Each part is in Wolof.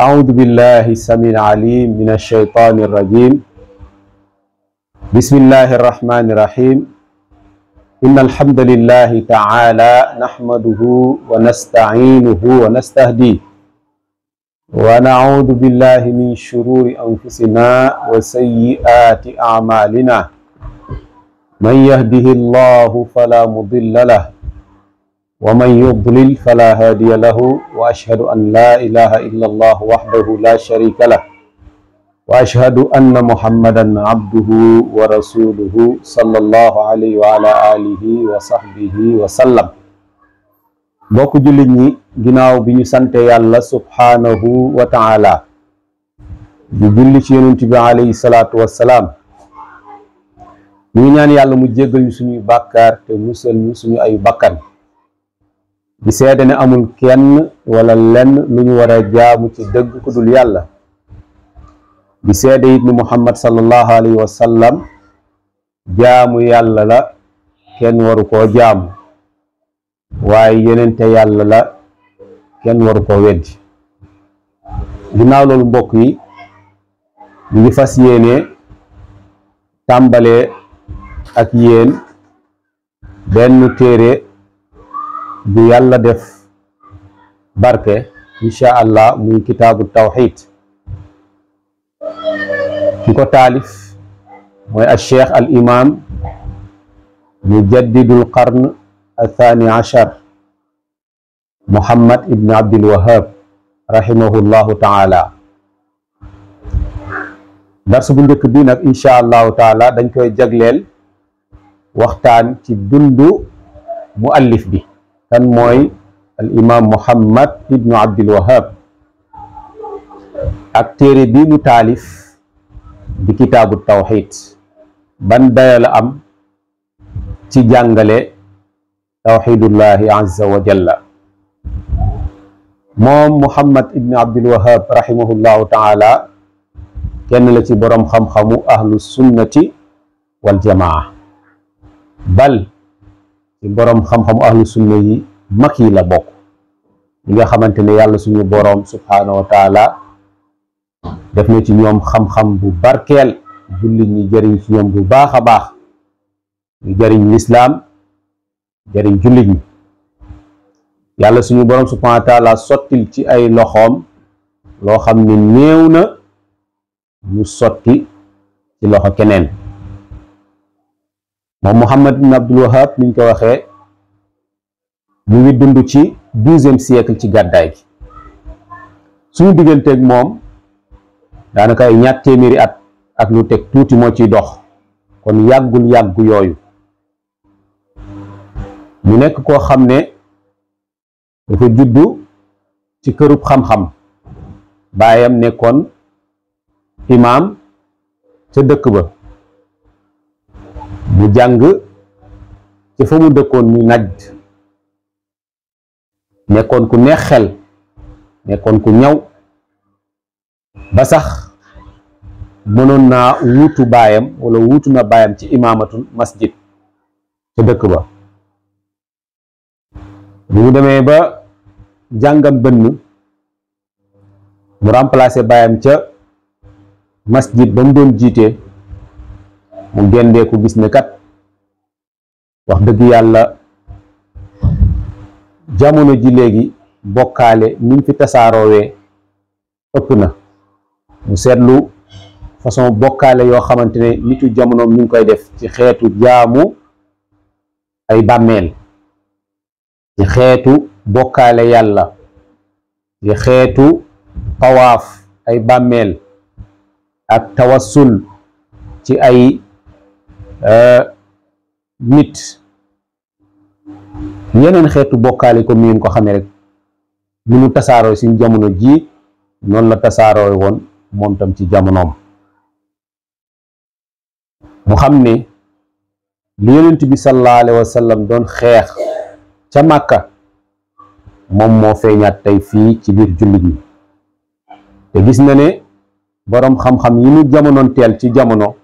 أعوذ بالله السميع العليم من الشيطان الرجيم بسم الله الرحمن الرحيم إن الحمد لله تعالى نحمده ونستعينه ونستهديه ونعوذ بالله من شرور أنفسنا وسيئات أعمالنا من يهده الله فلا مضل له ومن يضلل فلا هادي له واشهد ان لا اله الا الله وحده لا شريك له واشهد ان محمدا عبده ورسوله صلى الله عليه وعلى اله وصحبه وسلم بوك جولي ني غيناو بي ني سانت يالا سبحانه وتعالى دي جولي سي يونتي عليه الصلاه والسلام ني نيان يالا مو جيغل سوني بكار تي موسل ني سوني اي بكار di seede ne amul kenn wala lenn lu ñu war a jaamu ci dëgg ku yàlla di seede it ni muhammad sallallahu alayhi wa jaamu yàlla la kenn waru koo jaamu waaye yenente yàlla la kenn waru koo weddi ginnaaw loolu mbokk yi ñu ngi fas yéene tàmbalee ak yéen benn téere bu yàlla def barke incha allah muy kitaabu tawxid ki ko taalif mooy al cheikh al imam mujaddidul qarn athani achar muhammad ibn abdul wahab rahimahullahu taala dars bu njëkk bi nag incha allahu taala dañ koy jagleel waxtaan ci dundu muallif bi كان موي الإمام محمد ابن عبد الوهاب أكتر بي متالف بكتاب التوحيد بان دايال أم تجانغالي توحيد الله عز وجل موم محمد ابن عبد الوهاب رحمه الله تعالى كان التي برم خم خمو أهل السنة والجماعة بل ci borom xam-xam ahlu sunna yi mag yi la bok ñi nga xamantene yalla suñu borom subhanahu wa taala def na ci ñom xam-xam bu barkel julli ñi jëriñ ci ñom bu baax baax ñi jëriñ l'islam jëriñ julli ñi yalla suñu borom subhanahu wa taala sotil ci ay loxom lo xamni neewna mu na sotti ci loxo keneen moom Muhammad ibn Abdul Wahab niñ ko waxee mu ngi dund ci douzième siècle ci gàddaay gi suñu digganteeg moom daanaka ay ñaar téeméeri at ak lu teg tuuti moo ciy dox kon yàggul yàggu yooyu mu nekk koo xam ne dafa juddu ci kërub xam-xam baayam nekkoon imaam ca dëkk ba mu jàng ci fa mu dëkkoon mu najd nekkoon ku neex xel nekkoon ku ñaw ba sax mënoon naa wuutu baayam wala wuutu na baayam ci imaamatul masjid ca dëkk ba bu mu demee ba jàngam bënn mu remplacer baayam ca masjid ba mu doon jiitee mu gendeeku gis ne kat wax dëgg yàlla jamono ji léegi bokkaale niñ fi tasaaroowee ëpp na mu seetlu façon bokkaale yoo xamante ne nitu jamono ñu ngi koy def ci xeetu jaamu ay bàmmeel ci xeetu bokkaale yàlla ci xeetu tawaaf ay bàmmeel ak tawassul ci ay Euh, nit yeneen xeetu bokkaale ko ni ngeen ko xamee rek ni mu tasaaroo suñ jamono jii noonu la tasaaroo woon moom tam ci jamonoom mu xam ne li yonent bi sallallahu alayhi wa doon xeex ca màkka moom moo feeñaat tey fii ci biir jullit ñi te gis na ne boroom xam-xam yi mu jamonoon teel ci jamono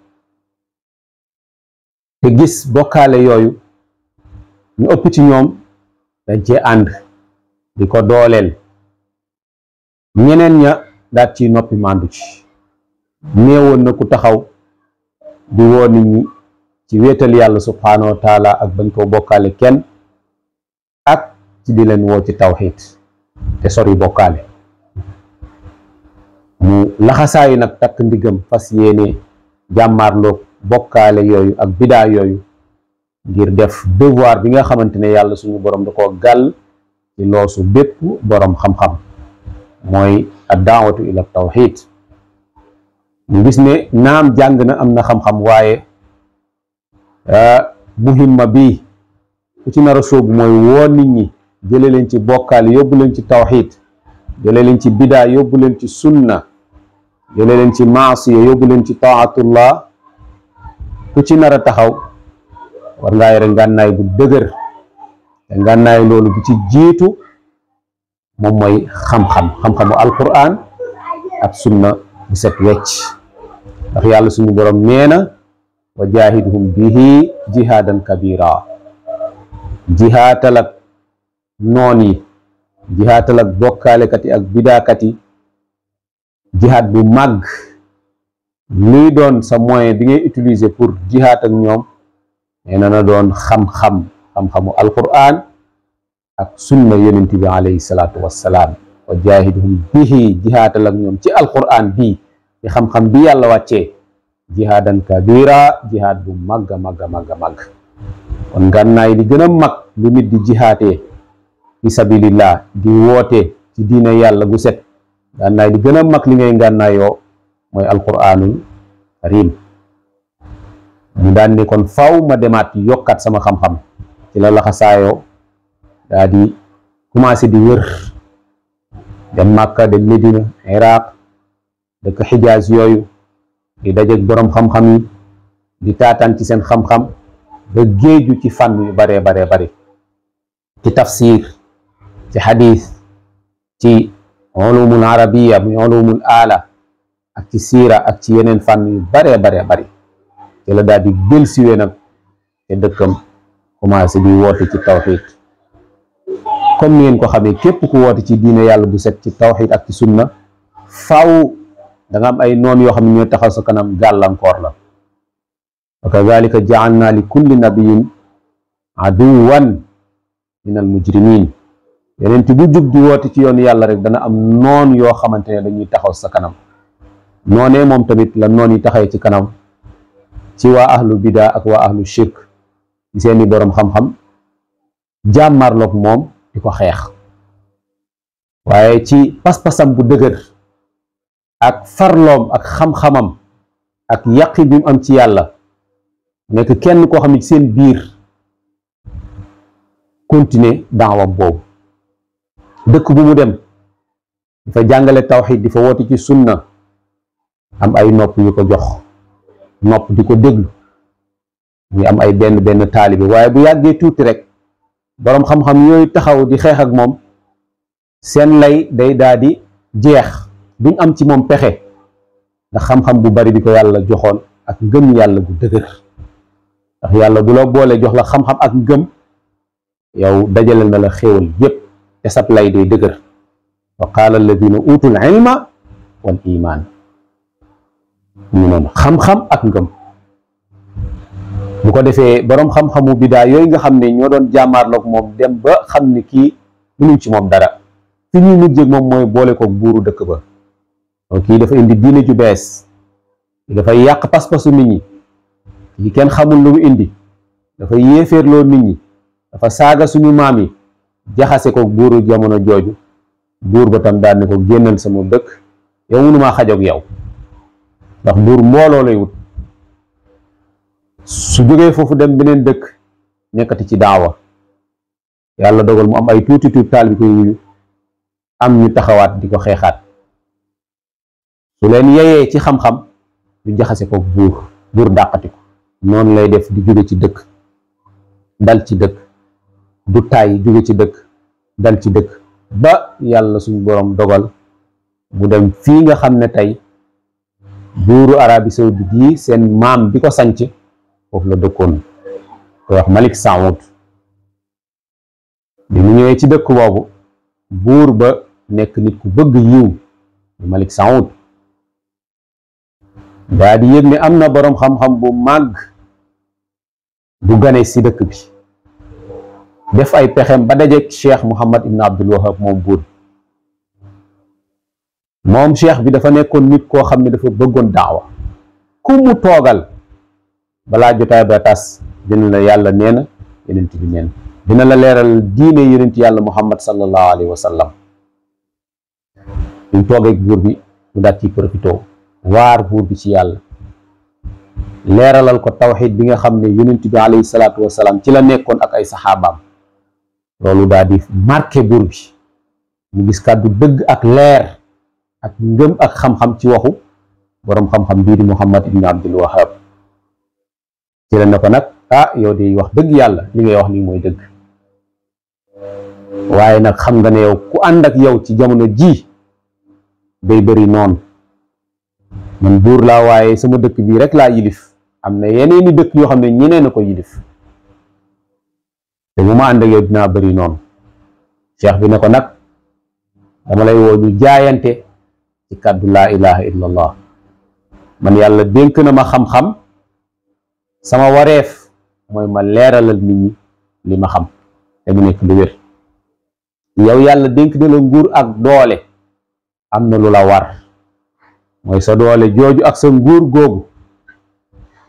te gis bokkaale yooyu ñu ëpp ci ñoom dañ cee ànd di ko dooleel ñeneen ña daat ciy noppi màndu ci néewoon na ku taxaw di woo nit ci wéetal yàlla subhaanahu wa taala ak bañ koo bokkale kenn ak ci di leen woo ci tawxiid te sori bokkaale mu laxasaayu nag takk ndigam fas yéene jàmmaarloog bokkaale yooyu ak bidaa yooyu ngir def devoir bi nga xamante ne yàlla suñu borom da koo gàll ci loosu bépp boroom xam-xam mooy addaawatu ila tawxid ñu gis ne naam jàng na am na xam-xam waaye muhimma ah, bi ku ci nar a sóobu mooy woo nit ñi jële leen ci bokkaale yóbbu leen ci tawxid jële leen ci bidaa yóbbu leen ci sunna jële leen ci maasiya yóbbu leen ci taatullah ku ci nar a taxaw war ngaa yore ngànnaay bu dëgër te ngànnaay loolu bu ci jiitu moom mooy xam-xam xam-xamu alquran ak sunna bu set wecc ndax yàlla suñu borom nee na wa jaahiduhum bihi jihaadan kabira jihaatal ak noon yi jihaatal ak bokkaalekat yi ak bidaakat yi jihaat bu màgg luy doon sa moyen bi ngay utiliser pour jihaat ak ñoom nee na na doon xam-xam xam-xamu alquran ak sunna yonent bi alayhi salaatu wassalaam wa jaahidhum bihi jihaatal ak ñoom ci alquran bii ci xam-xam bi yàlla wàccee jihaadan kabira jihaad bu màgg a màgg a màgg màgg kon ngànnaay li gën a mag lu nit di jihaatee fi sabilillah di woote ci diina yàlla gu set ngànnaay li gën a mag li ngay ngànnaayoo moy alquranul karim mu daan ni kon faw ma demat yokkat sama xam-xam ci la laxasaayoo daa di commencé di wër dem màkka dem medina iraq dëkk hijaz yoyu di dajje borom xam-xam yi di tatan ci sen xam-xam ba geejju ci fan yu bare bare bare ci tafsir ci hadith ci ulumul arabiyya ulumul ala ak ci siira ak ci yeneen fànn yu baree baree bari ci la daal di del siwee nag te dëkkam commencé di woote ci tawxiid comme ngeen ko xamee képp ku woote ci diine yàlla bu set ci tawxiid ak ci sunna faw da am ay noon yoo xam ne ñooy taxaw sa kanam gàllankoor la wa kadalika jaalna li kulli nabiyin aduwan min al mujrimin yeneen ti bu jub di woote ci yoon yàlla rek dana am noon yoo xamante ne dañuy taxaw sa kanam noonee moom tamit la noon yi taxawee ci kanam ci waa ahlu bidaa ak waa ahlu shirk di seeni boroom xam-xam jàmmarloog moom di ko xeex waaye ci pas-pasam bu dëgër ak farloom ak xam-xamam ak yàqi bi am ci yàlla nekk kenn koo xam ne ci seen biir continuer daawam boobu dëkk bu mu dem di fa jàngale tawxid di fa woote ci sunna am ay nopp yu ko jox nopp di ko déglu muy am ay benn benn taalibe waaye bu yàggee tuuti rek boroom xam-xam yooyu taxaw di xeex ak moom seen lay day daa jeex duñ am ci moom pexe ndax xam-xam bu bari bi ko yàlla joxoon ak ngëm yàlla bu dëgër ndax yàlla bu boole jox la xam-xam ak ngëm yow dajale na la xéewal yépp te sab lay day dëgër wa qaala alladina utul ilma wal ñu noonu xam-xam ak ngëm bu ko defee boroom xam-xamu bidaa yooyu nga xam ne ñoo doon jàmmaarloog moom dem ba xam ni kii mënuñ ci moom dara fi ñuy mujjee moom mooy boole ko buuru dëkk ba donc kii dafa indi diine ju bees dafay yàq pas-pasu nit ñi kii kenn xamul lu mu indi dafa yéeféerloo nit ñi dafa saaga suñu maam yi jaxase ko buuru jamono jooju buur ba tam daan ne ko génnal sama dëkk yow mënumaa xajoog yow ndax buur mbooloo lay wut su jógee foofu dem beneen dëkk nekkati ci daawa yàlla dogal mu am ay tuuti tuut taal bi koy wuyu am ñu taxawaat di ko xeexaat su leen yeyee ci xam-xam ñu jaxase ko buur dàqati ko noonu lay def di jóge ci dëkk dal ci dëkk du tàyyi jóge ci dëkk dal ci dëkk ba yàlla suñu boroom dogal mu dem fii nga xam ne tey buuru Arabie Saoudite yi seen maam bi ko sanc foofu la dëkkoon koy wax Malik Saoud bi mu ñëwee ci dëkk boobu buur ba nekk nit ku bëgg yiw di Malik Saoud daa yëg ne am na boroom xam-xam bu màgg bu gane si dëkk bi def ay pexem ba dajeek Cheikh Muhammad Ibn Abdul Wahab moom buur mom cheikh bi dafa nekkon nit ko xamni dafa beggon daawa ku mu togal bala jotaay ba tas dina la yalla neena bi dina la leral diine yalla muhammad sallallahu alaihi wasallam. sallam ñu toogee buur bi mu war ci profito war buur bi ci yalla leralal ko tawhid bi nga xamni ne bi alayhi salatu wa ci la nekkon ak ay saxaabaam lolou daal di marqué bi mu gis deug ak leer ak ngëm ak xam-xam ci waxu boroom xam-xam bii di Muhammad ibn Abdul Wahab ci leen na ko nag ah yow de wax dëgg yàlla li ngay wax nii mooy dëgg waaye nag xam nga ne yow ku ànd ak yow ci jamono ji day bari noonu man buur laa waaye sama dëkk bii rek laa yilif am na yeneeni dëkk yoo xam ne ñeneen a ko yilif te bu ma ànd ak yow dinaa bëri noonu cheikh bi ne ko nag dama lay woo ñu jaayante ci kàddu laa ilaha illa man yàlla dénk na ma xam-xam sama wareef mooy ma leeralal nit ñi li ma xam te mu nekk lu wér yow yàlla dénk na la nguur ak doole am na lu la war mooy sa doole jooju ak sa nguur googu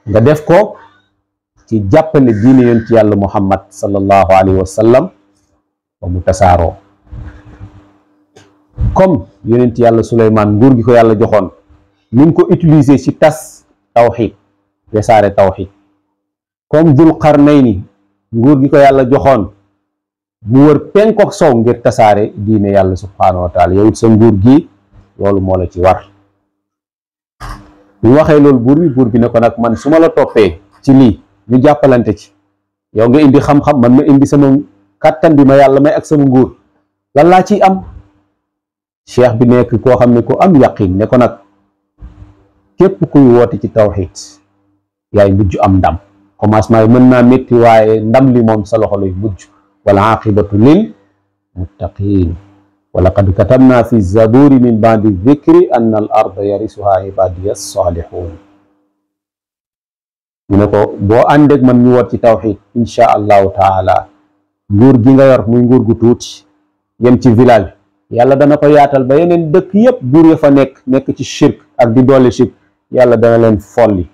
nga def ko ci jàppale diine yoon ci yàlla muhammad sallallahu alayhi wa sallam mu tasaaroo comme yonent yalla Sulaiman nguur gi ko yalla joxoon ni ko utiliser ci tas tawxid wesaare tawhid comme Dul Qarnayni nguur gi ko yalla joxoon mu wër penkook so ngir tasare diine yalla subhanahu wa taala yow sa gi lolou mo la ci war bu waxe loolu bur bi bur bi ne ko nak man suma la topé ci li ñu jappalante ci yow nga indi xam-xam man ma indi sama katan bi ma yalla may ak sama lan la ci am cheikh bi nekk koo xam ne ku am yaqin ne ko nag képp kuy woote ci tawxid yaay mujj am ndam commencement yi mën na metti waaye ndam li moom sa loxo lay mujj wal aqibatu lil muttaqin wa laqad katabna fi zaburi min ba'di dhikri anna al arda yarisuha ibadiya salihun ñu ne ko boo àndeeg man ñu woot ci tawxid insha allahu taala nguur gi nga yor muy nguur gu tuuti yem ci village yàlla dana ko yaatal ba yeneen dëkk yépp buur ya fa nekk nekk ci shirk ak di dolli shirk yàlla dana leen folli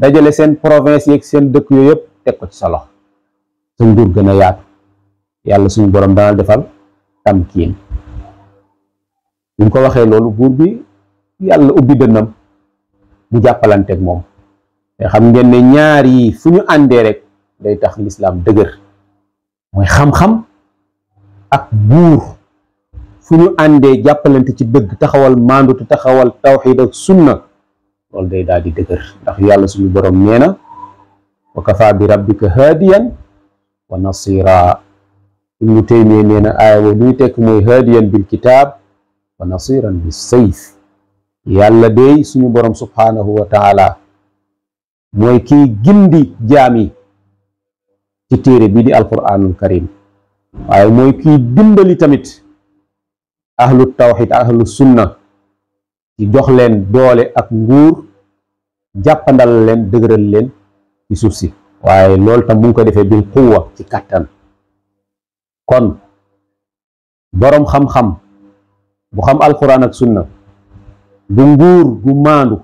dajale seen province yeeg seen dëkk yooyu yépp teg ko ci sa loxo sa nguur gën a yaatu yàlla suñu boroom dana defal tamkiin bi mu ko waxee loolu buur bi yàlla ubbi dënnam mu jàppalanteeg moom te xam ngeen ne ñaar yi fu ñu àndee rek day tax lislaam dëgër mooy xam-xam ak buur fu ñu àndee jàppalante ci dëgg taxawal maandutu taxawal tawxiid ak sunna loolu day daal di dëgër ndax yàlla suñu borom nee na wa kafa bi rabbika haadiyan wa nasira ibnu taymiya nee na aaya boobu li ñu mooy haadiyan bil kitaab wa nasiran bi sayf yàlla dey suñu borom subhaanahu wa taala mooy kiy gindi jaam ci téere bi di alquraanul karim waaye mooy kiy dimbali tamit ahlu tawxid ahlu sunna ci jox leen doole ak nguur jàppandal leen dëgëral leen ci suuf si waaye lool tam mu ko defee bil quwwa ci kàttan kon boroom xam-xam bu xam alquran ak sunna bu nguur gu maandu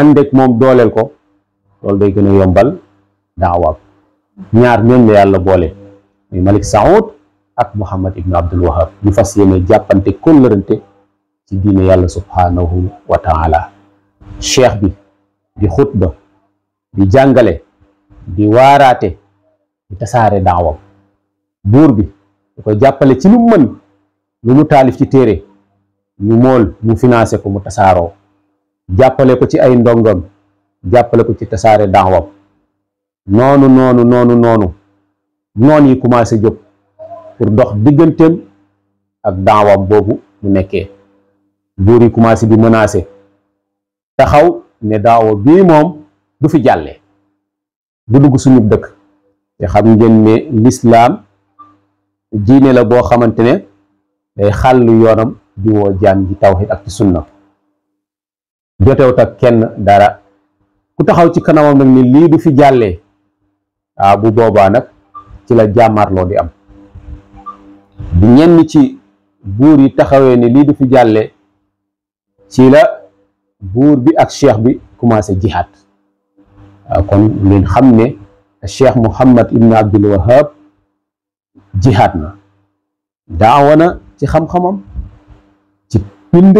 ànd ak moom dooleel ko loolu day gën a yombal daawaam ñaar ñooñ la yàlla boole muy Malik Saoud ak Muhammad ibnu Abdul Wahab ñu fas yéene jàppante kóllërante ci diine yàlla subhaanahu wa taala bi di xutba di jàngale di waaraate di tasaare daawam buur bi di ko jàppale ci lu mën lu mu taalif ci téere ñu mool mu financé ko mu tasaaroo jàppale ko ci ay ndongam jàppale ko ci tasaare daawam noonu noonu noonu noonu noon yi commencé jóg pour dox digganteem ak daawam boobu mu nekkee buur yi commencé di menacer taxaw ne daawa bii moom du fi jàllee du dugg suñu dëkk te xam ngeen ne lislaam diine la boo xamante ne day xàll yoonam di woo ji tawxid ak ci sunna jotewut ak kenn dara ku taxaw ci kanamam nag ni lii du fi jàllee waa bu boobaa nag ci la jàmmarloo di am bu ñenn ci buur yi taxawee ne lii du fi jàlle ci la buur bi ak cheikh bi commencé jihaad ah, kon ngeen xam ne cheikh Muhammad Ibn Abdul Wahab jihaad na daawa na ci xam-xamam ci pind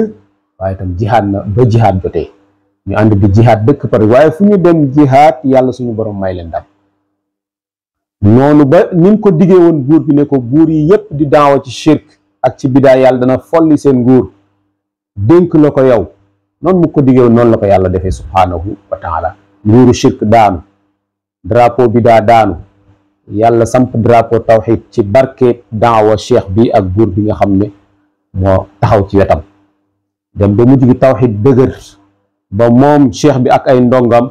waaye tam jihaad na ba jihaad jotee ñu ànd di jihaad dëkk par waaye fu ñu dem jihaad yàlla suñu borom may leen ndam noonu ba ni mu ko diggee woon buur bi ne ko buur yi yépp di daawa ci shirk ak ci bidaa yàlla dana folli seen nguur dénk la ko yow noonu mu ko diggee woon noonu la ko yàlla defee subhaanahu wa taala nguuru shirk daanu drapeau bidaa daanu yàlla samp drapeau tawxid ci barke daawa cheikh bi ak buur bi nga xam ne moo taxaw ci wetam dem ba mu gi tawxid dëgër ba moom cheikh bi ak ay ndongam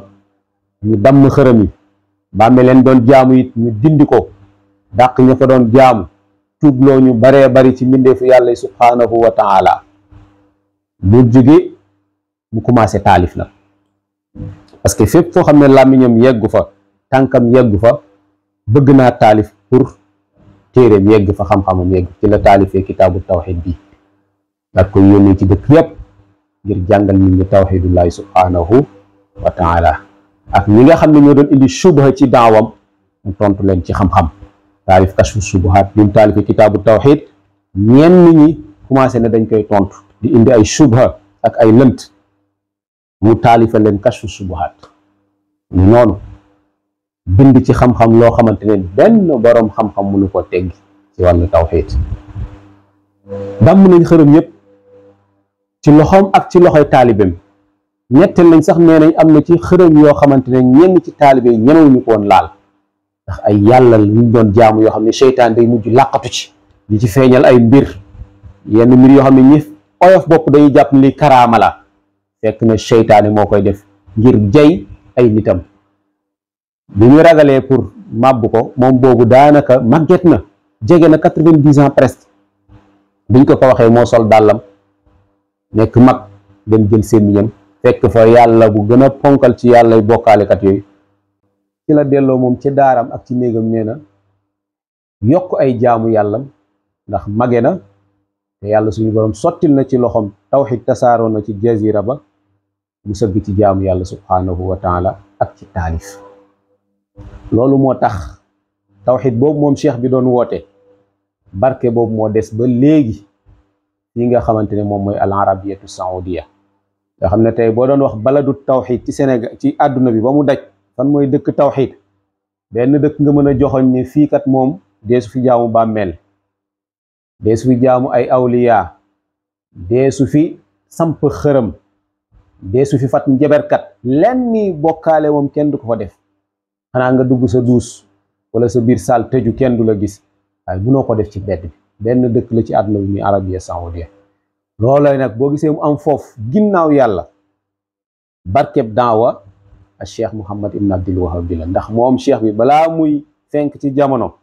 ñu damm xërëm yi bàmme leen doon jaamu it ñu dindi ko dàq ñu ko doon jaamu tuubloo ñu baree bari ci mbindeefu yàlla subhaanahu wa taala bu jóge mu commencé taalif nag parce que fépp foo xam ne làmmiñam yeggu fa tànkam yeggu fa bëgg naa taalif pour téeréem yegg fa xam-xamam yegg ci la taalifee kitaabu tawxid bi ndax koy yónnee ci dëkk yépp ngir jàngal nit ñi tawxidullahi subhaanahu wa ak ñi nga xam ne ñoo doon indi subha ci daawam mu tontu leen ci xam-xam taalif kashfu subuhaat bi mu taalifi kitaabu tawxid ñenn ñi commencé na dañ koy tontu di indi ay subha ak ay lënt mu taalifa leen kashfu subuhaat ñu noonu bind ci xam-xam loo xamante ne benn boroom xam-xam mënu ko teggi ci wàllu tawxid damm nañ xërëm yépp ci loxoom ak ci loxoy taalibeem nettali nañ sax nee nañ am na ci xërëm yoo xamante ne ñenn ci taalibe yi ñemewuñu ko woon laal ndax ay yàlla yuñ doon jaamu yoo xam ne seytaan day mujj làqatu ci di ci feeñal ay mbir yenn mbir yoo xam ne ñi oyof bopp dañuy jàpp ni li karaama la fekk na seytaane moo koy def ngir jay ay nitam bi ñu ragalee pour màbb ko moom boobu daanaka màgget na jege na quatre-vingt-dix ans presque biñ ko ko waxee moo sol dàllam nekk mag dem jël sémmiñam fekk fa yàlla bu gën a ponkal ci yàllay bokkaalekat yooyu ci la delloo moom ci daaram ak ci néegam nee na yokk ay jaamu yàllam ndax mage na te yàlla suñu borom sottil na ci loxoom tawxid tasaaroo na ci jazira ba mu sëgg ci jaamu yàlla subhaanahu wa taala ak ci taalif loolu moo tax tawxid boobu moom cheikh bi doon woote barke boobu moo des ba léegi yi nga xamante ne moom mooy al arabiyatu saudiya nga xamne tay bo boo doon wax baladu tawhid ci senegal ci aduna bi ba mu daj fan moy dëkk tawhid ben dëkk nga meuna joxogn ni fi kat mom, desu fi jaamu mel desu fi jaamu ay awliya desu fi samp xërëm desu fi fat njaberkat lenn ni bokale mom kenn du ko fa def xanaa nga dugg sa duus wala sa bir sal teju kenn du la gis bu no ko def ci bedd bi benn dëkk la ci aduna bi arabia saoudia loolooy nag boo gisee mu am foofu ginnaaw yàlla barkeb daawa ak cheikh Mouhamad Ibn Abdul Wahab ndax moom cheikh bi balaa muy fenk ci jamono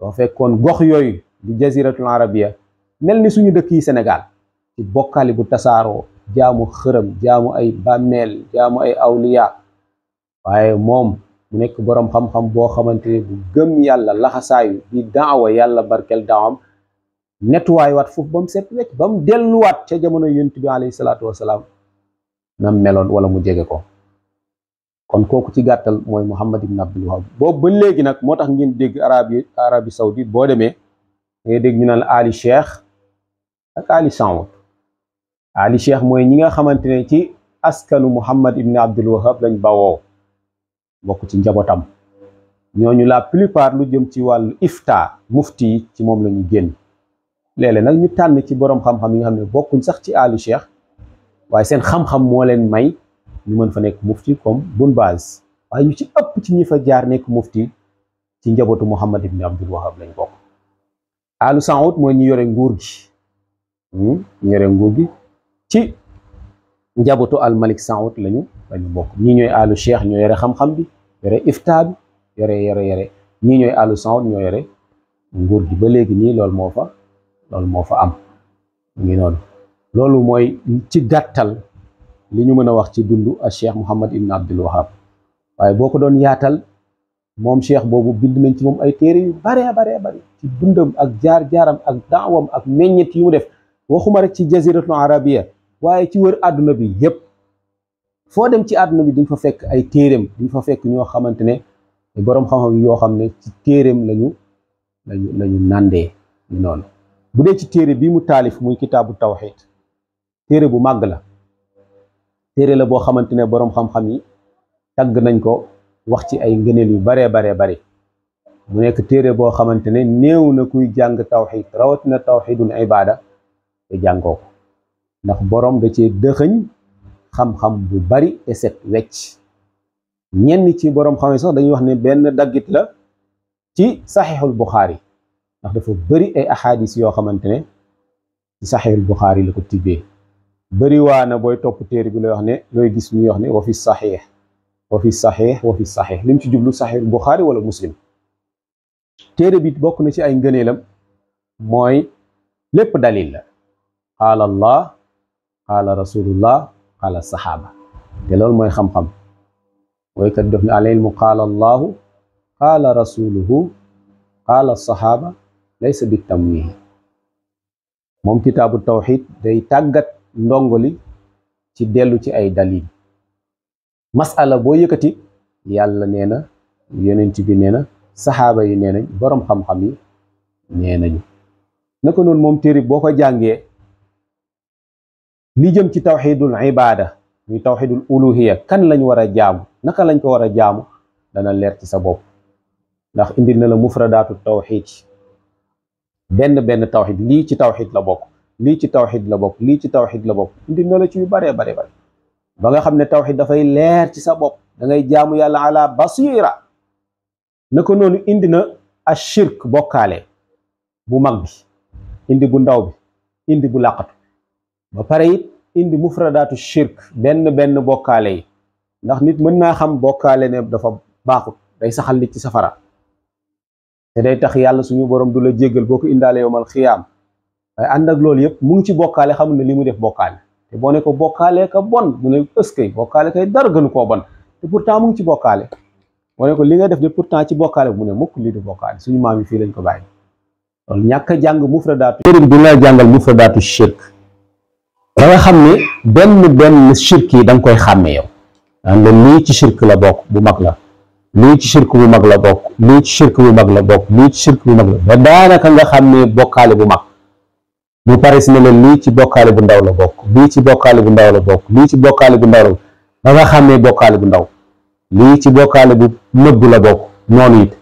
doo fekkoon gox yooyu di jaziratul arabia mel ni suñu dëkk yi Sénégal ci bokkali bu tasaaroo jaamu xërëm jaamu ay bàmmeel jaamu ay awliya waaye moom mu nekk boroom xam-xam boo xamante ne bu gëm yàlla laxasaayu di daawa yàlla barkeel daawam nettuwaay waat foofu ba mu set wecc ba mu delluwaat ca jamono yonent bi alayhi salaatu wasalaam na meloon wala mu jege ko kon kooku ci gàttal mooy Muhammad ibn Abdul Wahab boobu ba léegi nag moo tax ngeen dégg arabi arabi saudi boo demee ngay dégg ñu naan Ali Cheikh ak Ali Saoud Ali Cheikh mooy ñi nga xamante ne ci askanu Muhammad ibn Abdul Wahab lañ bawoo bokk ci njabootam ñooñu la plupart lu jëm ci wàll ifta mufti ci moom la génn léeg nag ñu tànn ci boroom xam-xam nga xam ne bokkuñ sax ci àllu cheikh waaye seen xam-xam moo leen may ñu mën fa nekk mufti comme Bun Baaz waaye ñu ci ëpp ci ñi fa jaar nekk mufti ci njabootu Muhammad ibn Abdul Wahab lañ bokk àllu Saoud mooy ñu yore nguur gi hmm? ñu gi ci njabootu al Malik lañu lañu bokk ñii ñooy àllu cheikh ñoo yore xam-xam bi yore ifta bi yore yore yore ñii ñooy àllu Saoud ñoo yore nguur gi ba léegi nii loolu moo fa loolu moo fa am mu ngi noonu loolu mooy ci gàttal li ñu mën a wax ci dundu ak cheikh Mouhamad Ibn Abdul Wahab waaye boo ko doon yaatal moom cheikh boobu bind nañ ci moom ay téere yu bare bare ci dundam ak jaar-jaaram ak daawam ak meññet yu mu def waxuma rek ci jaziratul arabia waaye ci wër àdduna bi yépp foo dem ci àdduna bi di fa fekk ay téereem di nga fekk ñoo xamante ne boroom xam yoo xam ne ci téereem lañu lañu lañu nàndee noonu bu dee ci téere bii mu taalif muy kitaabu tawxid téere bu màgg la téere la boo xamante ne boroom xam-xam yi tagg nañ ko wax ci ay ngëneel yu baree baree bari mu nekk téere boo xamante ne néew na kuy jàng tawxid rawatina tawxidul ibaada te jàngoo ko ndax boroom da ci dëxëñ xam-xam bu bari te set wecc ñenn ci boroom xam sax dañuy wax ne benn daggit la ci saxiixul buxaari ndax dafa bari ay ahadith yo xamantene ci sahih al-bukhari lako tibbee bari waa na booy topp téere bi lay wax ne loy gis ñuy wax ne wa fi sahih wa fi sahih wa fi sahih lim ci jublu al-bukhari wala muslim téere bi bokku na ci ay ngëneelam moy lépp dalil la qaala allah qaala rasulullah qaala saxaaba te loolu mooy xam-xam woykat def ne al ilmu qaala allahu qaala rasuluhu qaala saxaaba sa laysa tam tamwiih moom kitaabu tawxiid day tàggat ndongo li ci dellu ci ay dalil masala boo yëkkati yàlla nee na yonent bi nee na saxaaba yi nee nañ boroom xam-xam yi nee nañu naka noonu moom téere boo ko jàngee li jëm ci tawxiidul ibaada muy tawxiidul uluhiya kan lañ war a jaamu naka lañ ko war a jaamu dana leer ci sa bopp ndax indil na la mufradaatu tawxiid benn benn tawxid lii ci tawxid la bokk lii ci tawxid la bokk lii ci tawxid la bokk indi na ci yu baree bare bare ba nga xam ne tawxid dafay leer ci sa bopp dangay jaamu yàlla ala basira na ko noonu indi na ashirk bokkaale bu mag bi indi bu ndaw bi indi bu làqatu ba pare it indi mufradaatu shirk benn benn bokkaale yi ndax nit mën naa xam bokkaale ne dafa baaxut day saxal nit ci safara te day tax yàlla suñu borom du la jéggal boo ko indaale yowmal xiyaam waaye ànd ak loolu yëpp mu ngi ci bokkaale xamul na li mu def bokkaale te boo ko bokkaalee ka bon mu ne ëskay bokkaale kay dara gënu koo bon te pourtant mu ngi ci bokkaale boo ko li nga def de pourtant ci bokkaale mu ne mukk lii du bokkaale suñu maam yi fii lañ ko bàyyi loolu ñàkk jàng mufradaatu sëriñ bi la jàngal mufradaatu shirk ba nga xam ne benn benn shirk yi da koy xàmme yow daan la lii ci shirk la bokk bu mag la lii ci shirk bu mag la bokk lii ci shirk bu mag la bokk lii ci sirk bu mag la ba daanaka nga xam ne bokkaale bu mag mu pare si ne la lii ci bokkaale bu ndaw la bokk lii ci bokkaale bu ndaw la bokk lii ci bokkaale bu ndaw la ba nga xam ne bokkaale bu ndaw lii ci bokkaale bu nëbbu la bokk noonu it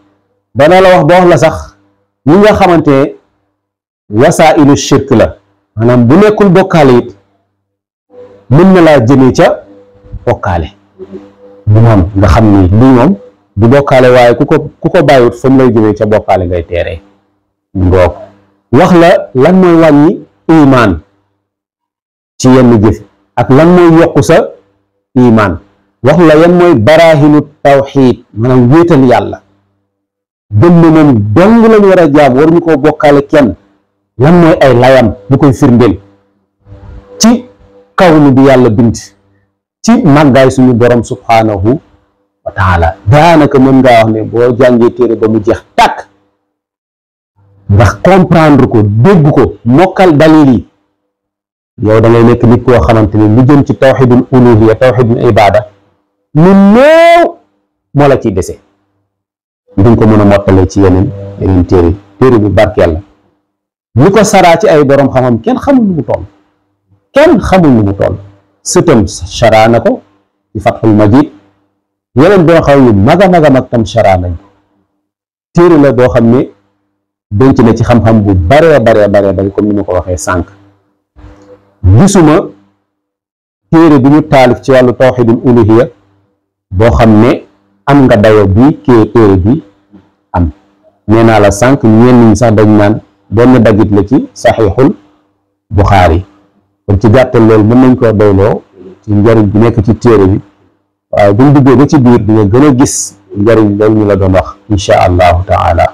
dana la wax ba wax la sax ñi nga xamante wasaa'ilu shirk la maanaam bu nekkul bokkaale it mën na laa jëmee ca bokkaale maanaam nga xam ni lii moom du bokale way kuko kuko ku fam lay jowe ca bokale ngay téré ngok wax la lan moy wañi iman ci yenn jëf ak lan moy yokku sa iman wax la yenn moy barahinu tawhid manam wétal yalla dem na moom dong lañ wara jaam waruñu koo bokale kenn lan moy ay layam bu koy firndel ci kawnu bi yalla bint ci magay suñu borom subhanahu wa daanaka mën ngaa wax boo jàngee téere ba mu jeex tàkk ndax comprendre ko dégg ko mokkal dalil yi yow da ngay nekk nit koo xamante ne lu ci tawxidul uluhiya tawxidul ibada lu néew moo la ciy dese duñ ko mën a ci yeneen yeneen téere téere bi barkeel la li ko saraa ay borom xam-xam kenn xamul lu mu toll kenn xamul lu fatxul majid yeneen boo xam ne mag a mag tam chara lañ téere la boo xam ne denc na ci xam-xam bu baree baree baree bari comme ni ma ko waxee sànq gisuma téere bi ñu taalif ci wàllu tawxidul uluhiya boo xam ne am nga dayo bi kee téere bi am nee naa la sànq ñenn ñi sax dañ naan benn dagit la ci saxiixul buxaari kon ci gàttal loolu mën nañ koo doyloo ci njëriñ bu nekk ci téere bi waaye buñ duggee ba ci biir di nga gën a gis njariñ loolu ñu la doon wax incha allahu ta'ala